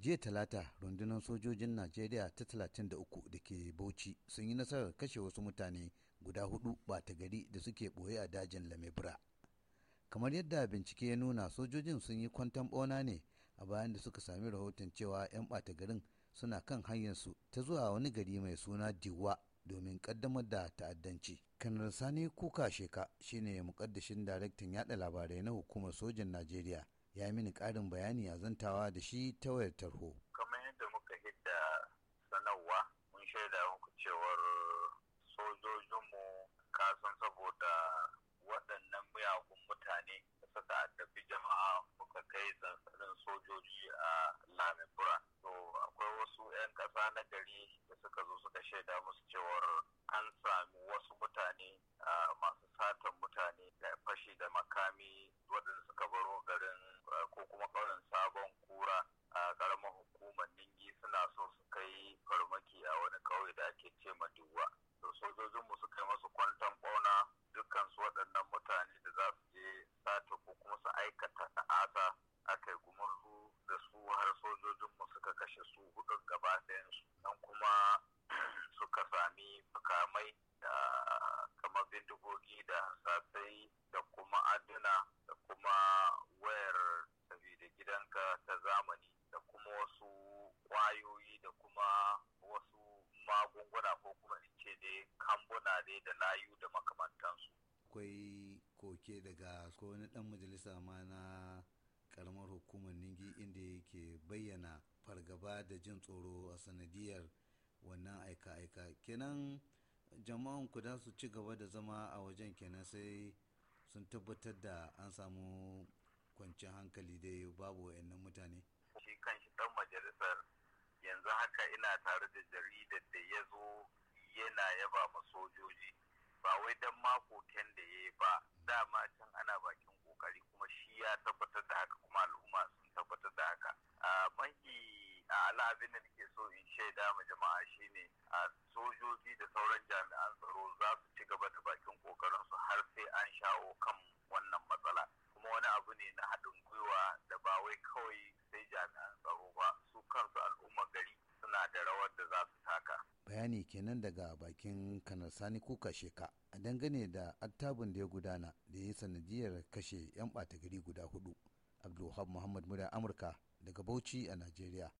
jiya talata rundunar sojojin najeriya ta 33 da ke bauchi sun yi nasarar kashe wasu mutane guda hudu bata gari da suke ɓoye a dajin lamebra kamar yadda bincike ya nuna sojojin sun yi kwantan bona ne a bayan da suka sami rahoton cewa 'yan bata garin suna kan hanyarsu ta zuwa wani gari mai suna diwa domin kaddamar da ta'addanci kanar sani kuka sheka shine muƙaddashin daraktan yada labarai na hukumar sojin najeriya ya mini ƙarin bayani ya zantawa da shi ta wayar tarho. kamar yadda muka hidda sanarwa mun shaida muku cewar sojojinmu kasan saboda waɗannan miyagun mutane da suka addabi jama'a muka kai tsantsanin sojoji a lamibura to akwai wasu 'yan ƙasa na gari da suka zo suka shaida musu cewar an sami wasu mutane ta zamani da kuma wasu ƙwayoyi da kuma wasu magunguna ko kuma in ce dai kambuna ne da layu da makamantansu. Akwai koke daga ko wani ɗan majalisa ma na ƙaramar hukumar Ningi inda yake bayyana fargaba da jin tsoro a sanadiyar wannan aika-aika. Kenan jama'an ku da su ci gaba da zama a wajen kenan sai sun tabbatar da an samu kwanciyar hankali da ya babu wayannan mutane shi shi dan majalisar yanzu haka ina tare da jaridar da ya zo yana yaba ma sojoji ba wai dan mako ken da ya yi ba dama can ana bakin kokari kuma shi ya tabbatar da haka kuma al'umma sun tabbatar da haka mahi a al'abin da nake so in shaida ma jama'a shine a sojoji da sauran jami'ai bayani kenan daga bakin kanar sani kuka sheka a dangane da attabin da ya gudana da ya yi sanadiyar kashe 'yan bata gari guda hudu abdulhab muhammad murya amurka daga bauchi a najeriya